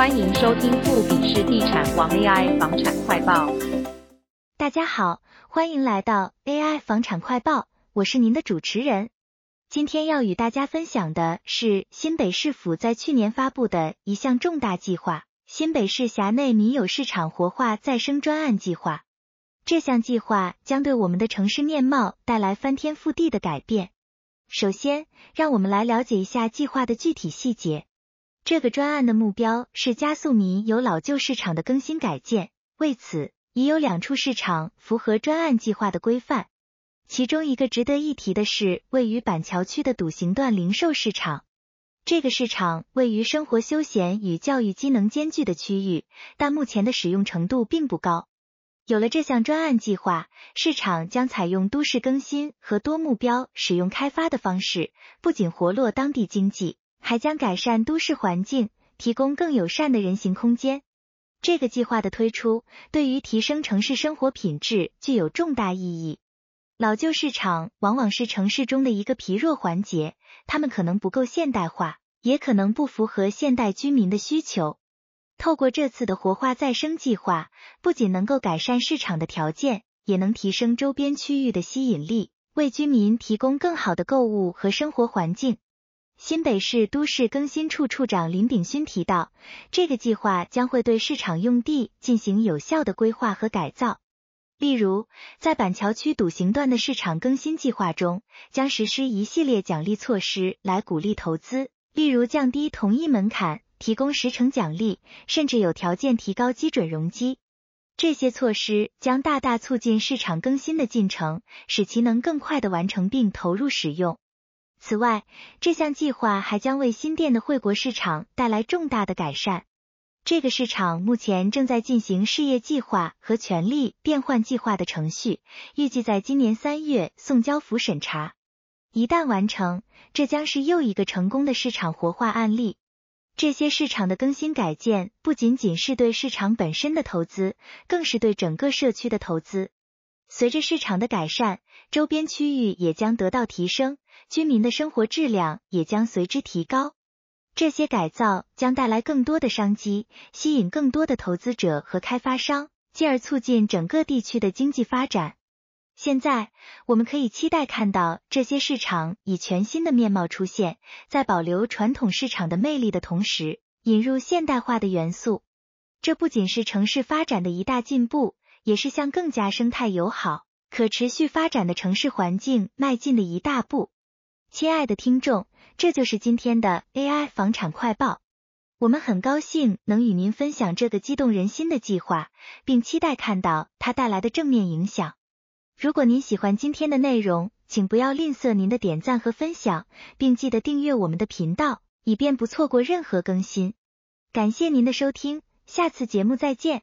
歡迎收聽富比士地產王 AI 房產快報。大家好，歡迎來到 AI 房產快報，我是您的主持人。今天要與大家分享的是新北市府在去年發布的一項重大計劃——新北市轄內民有市場活化再生專案計劃。這項計劃將對我們的城市面貌帶來翻天覆地的改變。首先，讓我們來了解一下計劃的具體細節。這個專案的目標是加速民有老舊市場的更新改建。為此，已有兩處市場符合專案計劃的規範。其中一個值得一提的是，位於板橋區的篤行段零售市場。這個市場位於生活休閒與教育機能兼具的區域，但目前的使用程度並不高。有了這項專案計劃，市場將採用都市更新和多目標使用開發的方式，不僅活絡當地經濟。還將改善都市環境，提供更友善的人行空間。這個計劃的推出對於提升城市生活品質具有重大意義。老舊市場往往是城市中的一個疲弱環節，它們可能不夠現代化，也可能不符合現代居民的需求。透過這次的活化再生計劃，不僅能夠改善市場的條件，也能提升周邊區域的吸引力，為居民提供更好的購物和生活環境。新北市都市更新處處長林炳勳提到，這個計劃將會對市場用地進行有效的規劃和改造。例如，在板橋區篤行段的市場更新計劃中，將實施一系列獎勵措施來鼓勵投資，例如降低同意門檻、提供時程獎勵，甚至有條件提高基準容積。這些措施將大大促進市場更新的進程，使其能更快地完成並投入使用。此外，這項計劃還將為新店的惠國市場帶來重大的改善。這個市場目前正在進行事業計劃和權利變換計劃的程序，預計在今年三月送交府審查。一旦完成，這將是又一個成功的市場活化案例。這些市場的更新改建不僅僅是對市場本身的投資，更是對整個社區的投資。隨着市場的改善，周邊區域也將得到提升。居民的生活質量也將隨之提高，這些改造將帶來更多的商機，吸引更多的投資者和開發商，進而促進整個地區的經濟發展。現在，我們可以期待看到這些市場以全新的面貌出現，在保留傳統市場的魅力的同時，引入現代化的元素。這不僅是城市發展的一大進步，也是向更加生態友好、可持續發展的城市環境邁進的一大步。親愛的聽眾，這就是今天的 AI 房產快報。我們很高興能與您分享這個激動人心的計劃，並期待看到它帶來的正面影響。如果您喜歡今天的內容，請不要吝嗇您的點讚和分享，並記得訂閱我們的頻道，以便不錯過任何更新。感謝您的收聽，下次節目再見。